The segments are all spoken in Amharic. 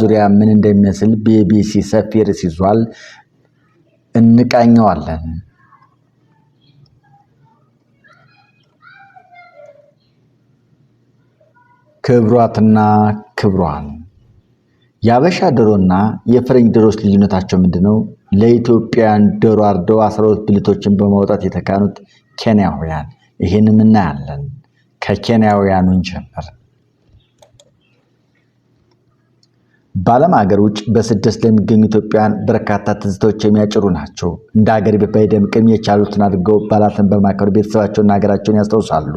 ዙሪያ ምን እንደሚመስል ቢቢሲ ሰፊ ርዕስ ይዟል። እንቃኘዋለን። ክብሯትና ክብሯን የአበሻ ዶሮና የፈረንጅ ዶሮች ልዩነታቸው ምንድን ነው? ለኢትዮጵያውያን ዶሮ አርደው አስራ ሁለት ብልቶችን በማውጣት የተካኑት ኬንያውያን፣ ይህንም እናያለን። ከኬንያውያኑን ጀምር በዓለም ሀገር ውጭ በስደት ለሚገኙ ኢትዮጵያን በርካታ ትዝታዎች የሚያጭሩ ናቸው። እንደ ሀገር በደምቅም የቻሉትን አድርገው በዓላትን በማከሩ ቤተሰባቸውና ሀገራቸውን ያስታውሳሉ።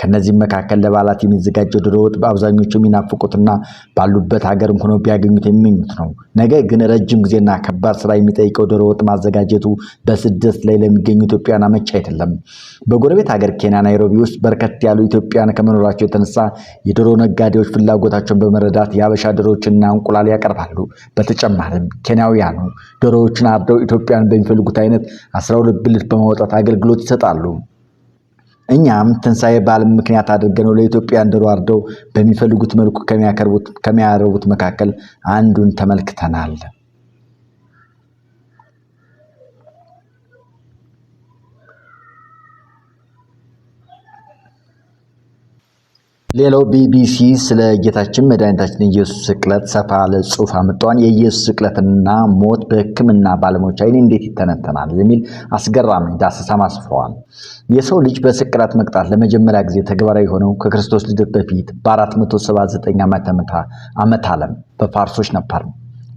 ከእነዚህም መካከል ለበዓላት የሚዘጋጀው ዶሮ ወጥ በአብዛኞቹ የሚናፍቁትና ባሉበት ሀገር ሆኖ ቢያገኙት የሚመኙት ነው። ነገር ግን ረጅም ጊዜና ከባድ ስራ የሚጠይቀው ዶሮ ወጥ ማዘጋጀቱ በስደት ላይ ለሚገኙ ኢትዮጵያውያን አመቺ አይደለም። በጎረቤት ሀገር ኬንያ ናይሮቢ ውስጥ በርከት ያሉ ኢትዮጵያውያን ከመኖራቸው የተነሳ የዶሮ ነጋዴዎች ፍላጎታቸውን በመረዳት የአበሻ ዶሮዎችና እንቁላል ያቀርባሉ። በተጨማሪም ኬንያውያኑ ዶሮዎችን አርደው ኢትዮጵያን በሚፈልጉት አይነት 12 ብልት በማውጣት አገልግሎት ይሰጣሉ። እኛም ትንሣኤ በዓል ምክንያት አድርገነው ለኢትዮጵያ አርደው በሚፈልጉት መልኩ ከሚያቀርቡት ከሚያረቡት መካከል አንዱን ተመልክተናል። ሌላው ቢቢሲ ስለ ጌታችን መድኃኒታችን ኢየሱስ ስቅለት ሰፋ ያለ ጽሑፍ አምጥተዋል። የኢየሱስ ስቅለትና ሞት በሕክምና ባለሙያዎች ዓይን እንዴት ይተነተናል የሚል አስገራሚ ዳሰሳም አስፍረዋል። የሰው ልጅ በስቅለት መቅጣት ለመጀመሪያ ጊዜ ተግባራዊ የሆነው ከክርስቶስ ልደት በፊት በ479 ዓመተ ዓለም በፋርሶች ነበር።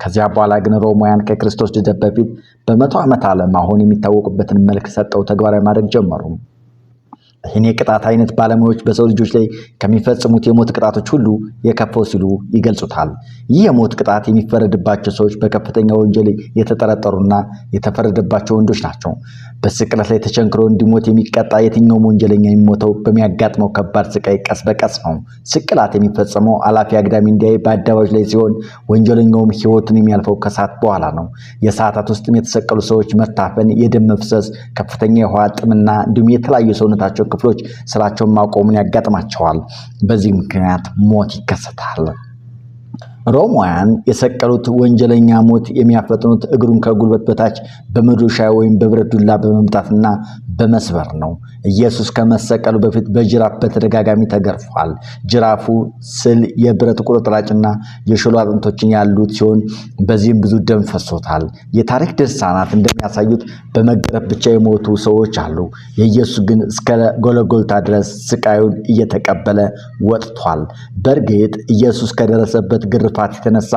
ከዚያ በኋላ ግን ሮማውያን ከክርስቶስ ልደት በፊት በመቶ ዓመተ ዓለም አሁን የሚታወቁበትን መልክ ሰጠው ተግባራዊ ማድረግ ጀመሩ። ይህን የቅጣት አይነት ባለሙያዎች በሰው ልጆች ላይ ከሚፈጽሙት የሞት ቅጣቶች ሁሉ የከፈው ሲሉ ይገልጹታል። ይህ የሞት ቅጣት የሚፈረድባቸው ሰዎች በከፍተኛ ወንጀል የተጠረጠሩና የተፈረደባቸው ወንዶች ናቸው። በስቅለት ላይ ተቸንክሮ እንዲሞት የሚቀጣ የትኛውም ወንጀለኛ የሚሞተው በሚያጋጥመው ከባድ ስቃይ ቀስ በቀስ ነው። ስቅላት የሚፈጸመው አላፊ አግዳሚ እንዲያይ በአደባባዮች ላይ ሲሆን፣ ወንጀለኛውም ህይወቱን የሚያልፈው ከሰዓት በኋላ ነው። የሰዓታት ውስጥም የተሰቀሉ ሰዎች መታፈን፣ የደም መፍሰስ፣ ከፍተኛ የውሃ ጥምና እንዲሁም የተለያዩ ሰውነታቸው ክፍሎች ስራቸውን ማቆሙን ያጋጥማቸዋል። በዚህ ምክንያት ሞት ይከሰታል። ሮማውያን የሰቀሉት ወንጀለኛ ሞት የሚያፈጥኑት እግሩን ከጉልበት በታች በመዶሻ ወይም በብረት ዱላ በመምጣትና በመስበር ነው። ኢየሱስ ከመሰቀሉ በፊት በጅራፍ በተደጋጋሚ ተገርፏል። ጅራፉ ስል የብረት ቁርጥራጭና የሾሉ አጥንቶችን ያሉት ሲሆን በዚህም ብዙ ደም ፈሶታል። የታሪክ ድርሳናት እንደሚያሳዩት በመገረፍ ብቻ የሞቱ ሰዎች አሉ። የኢየሱስ ግን እስከ ጎለጎልታ ድረስ ስቃዩን እየተቀበለ ወጥቷል። በእርግጥ ኢየሱስ ከደረሰበት ግርፋት የተነሳ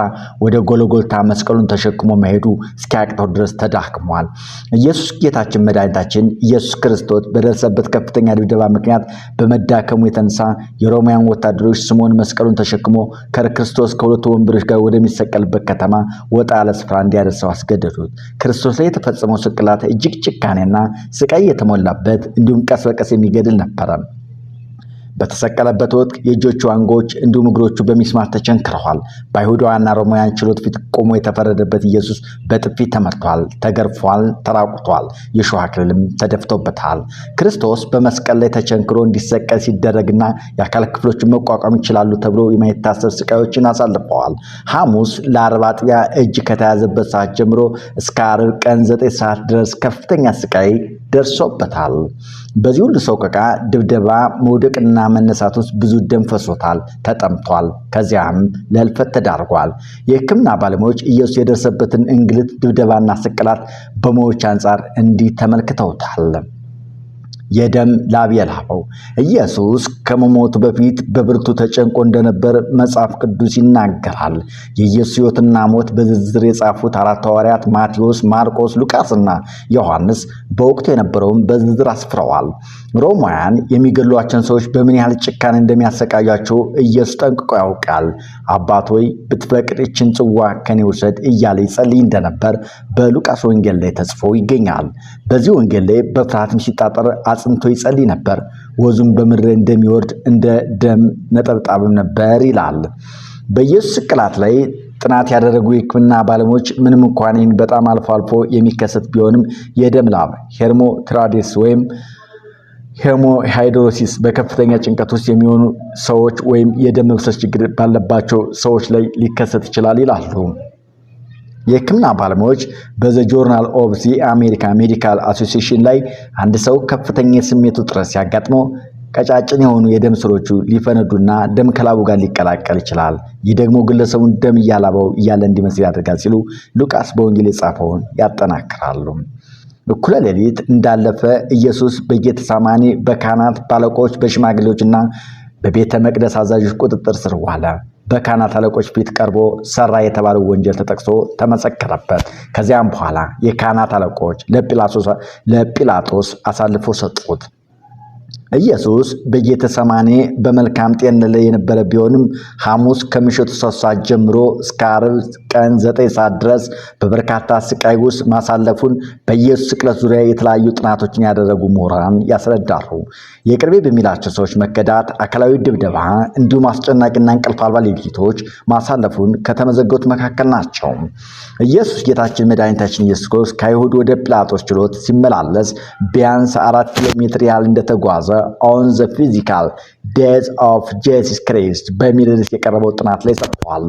ወደ ጎለጎልታ መስቀሉን ተሸክሞ መሄዱ እስኪያቅተው ድረስ ተዳክሟል። ኢየሱስ ጌታችን መድኃኒታችን ኢየሱስ ክርስቶስ በደረሰበት በደረሰበት ከፍተኛ ድብደባ ምክንያት በመዳከሙ የተነሳ የሮማውያን ወታደሮች ስምዖን መስቀሉን ተሸክሞ ከክርስቶስ ከሁለቱ ወንበሮች ጋር ወደሚሰቀልበት ከተማ ወጣ ያለ ስፍራ እንዲያደርሰው አስገደዱት። ክርስቶስ ላይ የተፈጸመው ስቅላት እጅግ ጭካኔና ስቃይ የተሞላበት እንዲሁም ቀስ በቀስ የሚገድል ነበረ። በተሰቀለበት ወቅት የእጆቹ አንጎች እንዲሁም እግሮቹ በሚስማር ተቸንክረዋል። በአይሁዳውያንና ሮማውያን ችሎት ፊት ቆሞ የተፈረደበት ኢየሱስ በጥፊ ተመርቷል፣ ተገርፏል፣ ተራቁቷል፣ የሾህ አክሊልም ተደፍቶበታል። ክርስቶስ በመስቀል ላይ ተቸንክሮ እንዲሰቀል ሲደረግና የአካል ክፍሎችን መቋቋም ይችላሉ ተብሎ የማይታሰብ ስቃዮችን አሳልፈዋል። ሐሙስ ለአርብ አጥቢያ እጅ ከተያዘበት ሰዓት ጀምሮ እስከ አርብ ቀን ዘጠኝ ሰዓት ድረስ ከፍተኛ ስቃይ ደርሶበታል። በዚህ ሁሉ ሰቆቃ፣ ድብደባ፣ መውደቅና መነሳት ውስጥ ብዙ ደም ፈሶታል፣ ተጠምቷል። ከዚያም ለህልፈት ተዳርጓል። የህክምና ባለሙያዎች ኢየሱስ የደረሰበትን እንግልት፣ ድብደባና ስቅላት በሞዎች አንጻር እንዲህ ተመልክተውታል። የደም ላብ የላበው ኢየሱስ ከመሞቱ በፊት በብርቱ ተጨንቆ እንደነበር መጽሐፍ ቅዱስ ይናገራል። የኢየሱስ ሕይወትና ሞት በዝርዝር የጻፉት አራት ሐዋርያት ማቴዎስ፣ ማርቆስ፣ ሉቃስና ዮሐንስ በወቅቱ የነበረውን በዝርዝር አስፍረዋል። ሮማውያን የሚገድሏቸውን ሰዎች በምን ያህል ጭካኔ እንደሚያሰቃያቸው ኢየሱስ ጠንቅቆ ያውቃል። አባት ሆይ ብትፈቅድ ይችን ጽዋ ከኔ ውሰድ እያለ ይጸልይ እንደነበር በሉቃስ ወንጌል ላይ ተጽፎ ይገኛል። በዚህ ወንጌል ላይ በፍርሃትም ሲጣጠር አጽንቶ ይጸልይ ነበር። ወዙም በምድር እንደሚወርድ እንደ ደም ነጠብጣብም ነበር ይላል። በኢየሱስ ስቅላት ላይ ጥናት ያደረጉ የሕክምና ባለሙያዎች ምንም እንኳን ይህን በጣም አልፎ አልፎ የሚከሰት ቢሆንም የደም ላብ ሄርሞ ትራዴስ ወይም ሄሞሃይድሮሲስ በከፍተኛ ጭንቀት ውስጥ የሚሆኑ ሰዎች ወይም የደም መፍሰስ ችግር ባለባቸው ሰዎች ላይ ሊከሰት ይችላል ይላሉ። የሕክምና ባለሙያዎች በዘ ጆርናል ኦፍ ዚ አሜሪካ ሜዲካል አሶሲሽን ላይ አንድ ሰው ከፍተኛ የስሜት ውጥረት ሲያጋጥመው ቀጫጭን የሆኑ የደም ስሮቹ ሊፈነዱና ደም ከላቡ ጋር ሊቀላቀል ይችላል። ይህ ደግሞ ግለሰቡን ደም እያላበው እያለ እንዲመስል ያደርጋል ሲሉ ሉቃስ በወንጌል የጻፈውን ያጠናክራሉ። እኩለ ሌሊት እንዳለፈ ኢየሱስ በጌተሳማኒ በካህናት ባለቆች፣ በሽማግሌዎችና በቤተ መቅደስ አዛዦች ቁጥጥር ስር ዋለ። በካህናት አለቆች ፊት ቀርቦ ሰራ የተባለው ወንጀል ተጠቅሶ ተመሰከረበት። ከዚያም በኋላ የካህናት አለቆች ለጲላጦስ አሳልፎ ሰጡት። ኢየሱስ በጌተሰማኔ በመልካም ጤና ላይ የነበረ ቢሆንም ሐሙስ ከምሽቱ ሶስት ሰዓት ጀምሮ እስከ ዓርብ ቀን ዘጠኝ ሰዓት ድረስ በበርካታ ስቃይ ውስጥ ማሳለፉን በኢየሱስ ስቅለት ዙሪያ የተለያዩ ጥናቶችን ያደረጉ ምሁራን ያስረዳሉ። የቅርቤ በሚላቸው ሰዎች መከዳት፣ አካላዊ ድብደባ እንዲሁም አስጨናቂና እንቅልፍ አልባ ሌሊቶች ማሳለፉን ከተመዘገቡት መካከል ናቸው። ኢየሱስ ጌታችን መድኃኒታችን ኢየሱስ ክርስቶስ ከአይሁድ ወደ ጲላጦስ ችሎት ሲመላለስ ቢያንስ አራት ኪሎ ሜትር ያህል እንደተጓዘ ኦን ዘ ፊዚካል ዴዝ ኦፍ ጄሱስ ክሪስት በሚል ርዕስ የቀረበው ጥናት ላይ ሰጥተዋል።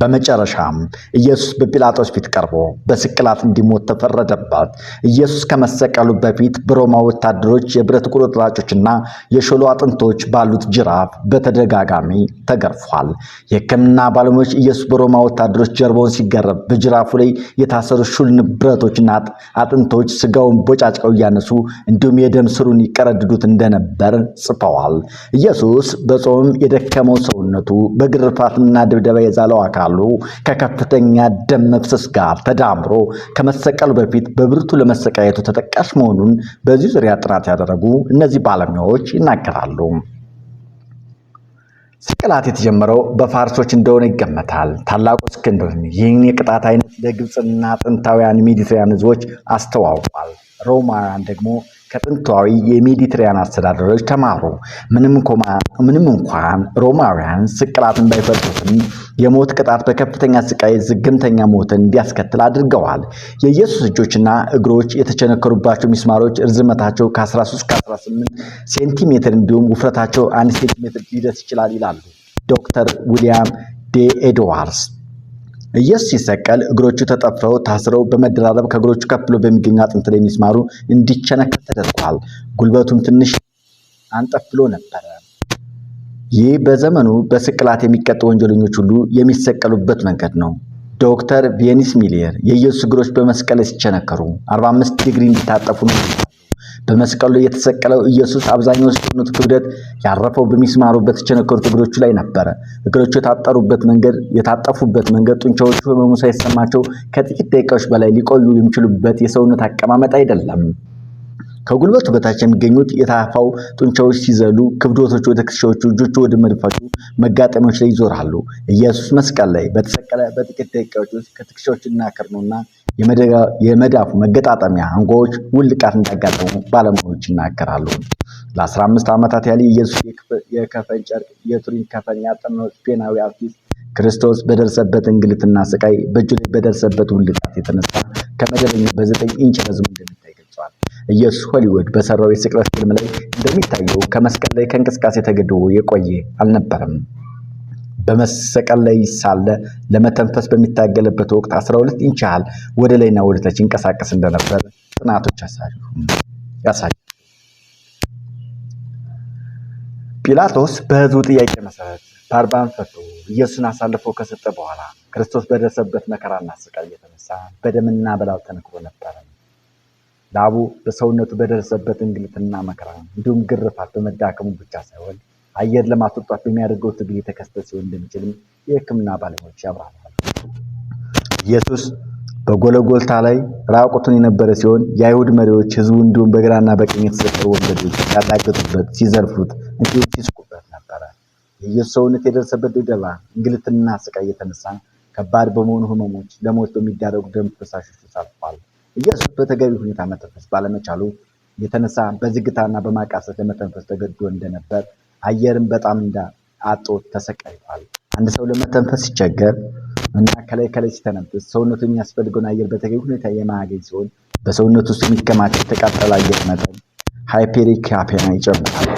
በመጨረሻም ኢየሱስ በጲላጦስ ፊት ቀርቦ በስቅላት እንዲሞት ተፈረደባት። ኢየሱስ ከመሰቀሉ በፊት በሮማ ወታደሮች የብረት ቁርጥራጮችና የሾሉ አጥንቶች ባሉት ጅራፍ በተደጋጋሚ ተገርፏል። የሕክምና ባለሙያዎች ኢየሱስ በሮማ ወታደሮች ጀርባውን ሲገረብ በጅራፉ ላይ የታሰሩ ሹል ንብረቶችና አጥንቶች ስጋውን ቦጫጭቀው እያነሱ እንዲሁም የደም ስሩን ይቀረድዱት እንደነበር ጽፈዋል። ኢየሱስ በጾም የደከመው ሰውነቱ በግርፋትና ድብደባ የዛለው አካል ኬሚካሉ ከከፍተኛ ደም መፍሰስ ጋር ተዳምሮ ከመሰቀሉ በፊት በብርቱ ለመሰቃየቱ ተጠቃሽ መሆኑን በዚህ ዙሪያ ጥናት ያደረጉ እነዚህ ባለሙያዎች ይናገራሉ። ስቅላት የተጀመረው በፋርሶች እንደሆነ ይገመታል። ታላቁ እስክንድርን ይህን የቅጣት አይነት ለግብፅና ጥንታውያን ሜዲትራያን ህዝቦች አስተዋውቋል። ሮማውያን ደግሞ ከጥንታዊ የሜዲትሪያን አስተዳደሮች ተማሩ። ምንም እንኳን ሮማውያን ስቅላትን ባይፈጥሩትም የሞት ቅጣት በከፍተኛ ስቃይ ዝግምተኛ ሞትን እንዲያስከትል አድርገዋል። የኢየሱስ እጆችና እግሮች የተቸነከሩባቸው ሚስማሮች ርዝመታቸው ከ13 18 ሴንቲሜትር እንዲሁም ውፍረታቸው አንድ ሴንቲሜትር ሊደርስ ይችላል ይላሉ ዶክተር ዊሊያም ዴ ኤድዋርድስ። ኢየሱስ ሲሰቀል እግሮቹ ተጠፍረው ታስረው በመደራረብ ከእግሮቹ ከፍ ብሎ በሚገኙ አጥንት ላይ የሚስማሩ እንዲቸነከር ተደርጓል። ጉልበቱም ትንሽ አንጠፍሎ ነበረ። ይህ በዘመኑ በስቅላት የሚቀጡ ወንጀለኞች ሁሉ የሚሰቀሉበት መንገድ ነው። ዶክተር ቬኒስ ሚሊየር የኢየሱስ እግሮች በመስቀል ሲቸነከሩ 45 ዲግሪ እንዲታጠፉ ነው በመስቀሉ የተሰቀለው ኢየሱስ አብዛኛው ሰውነቱ ክብደት ያረፈው በሚስማሩ በተቸነከሩት እግሮቹ ላይ ነበረ። እግሮቹ የታጠሩበት መንገድ የታጠፉበት መንገድ ጡንቻዎቹ ህመሙ ሳይሰማቸው ከጥቂት ደቂቃዎች በላይ ሊቆዩ የሚችሉበት የሰውነት አቀማመጥ አይደለም። ከጉልበቱ በታች የሚገኙት የታፋው ጡንቻዎች ሲዘሉ፣ ክብዶቶቹ ወደ ትከሻዎቹ፣ እጆቹ ወደ መድፋቹ መጋጠሚያዎች ላይ ይዞራሉ። ኢየሱስ መስቀል ላይ በተሰቀለ በጥቂት ደቂቃዎች ውስጥ ከትከሻዎችና ከርኑና የመዳፉ መገጣጠሚያ አንጓዎች ውልቃት እንዳጋጠሙ ባለሙያዎች ይናገራሉ። ለ15 ዓመታት ያህል ኢየሱስ የከፈን ጨርቅ የቱሪን ከፈን ያጠናው ስፔናዊ አርቲስት ክርስቶስ በደረሰበት እንግልትና ስቃይ በእጁ ላይ በደረሰበት ውልቃት የተነሳ ከመደበኛ በዘጠኝ ኢንች ረዝሙ ተገልጿል። ኢየሱስ ሆሊውድ በሰራው የስቅለት ፊልም ላይ እንደሚታየው ከመስቀል ላይ ከእንቅስቃሴ ተገድቦ የቆየ አልነበረም። በመሰቀል ላይ ሳለ ለመተንፈስ በሚታገልበት ወቅት 12 ኢንች ያህል ወደ ላይና ወደ ታች ይንቀሳቀስ እንደነበር ጥናቶች ያሳያሉ። ጲላጦስ በሕዝቡ ጥያቄ መሰረት ባርባን ፈቶ ኢየሱስን አሳልፎ ከሰጠ በኋላ ክርስቶስ በደረሰበት መከራና ስቃይ የተነሳ በደምና በላብ ተነክሮ ነበረ። ላቡ በሰውነቱ በደረሰበት እንግልትና መከራ እንዲሁም ግርፋት በመዳከሙ ብቻ ሳይሆን አየር ለማስወጣት በሚያደርገው ትግል የተከሰተ ሲሆን እንደሚችልም የሕክምና ባለሙያዎች ያብራራሉ። ኢየሱስ በጎለጎልታ ላይ ራቁቱን የነበረ ሲሆን የአይሁድ መሪዎች ህዝቡ እንዲሁም በግራና በቀኝ የተሰጠሩ ወንበዴዎች ያላገጡበት፣ ሲዘርፉት እንዲሁም ሲስቁበት ነበረ። የኢየሱስ ሰውነት የደረሰበት ድብደባ፣ እንግልትና ስቃይ የተነሳ ከባድ በመሆኑ ህመሞች ለሞት በሚዳረጉ ደም ፍሳሾች ተሳትፏል። ኢየሱስ በተገቢ ሁኔታ መተንፈስ ባለመቻሉ የተነሳ በዝግታና በማቃሰት ለመተንፈስ ተገዶ እንደነበር አየርም በጣም እንዳ አጦ ተሰቃይቷል። አንድ ሰው ለመተንፈስ ሲቸገር እና ከላይ ከላይ ሲተነፍስ ሰውነቱ የሚያስፈልገውን አየር በተገቢ ሁኔታ የማያገኝ ሲሆን በሰውነት ውስጥ የሚከማቸው የተቃጠለ አየር መጠን ሃይፔሪካፔና ይጨምራል።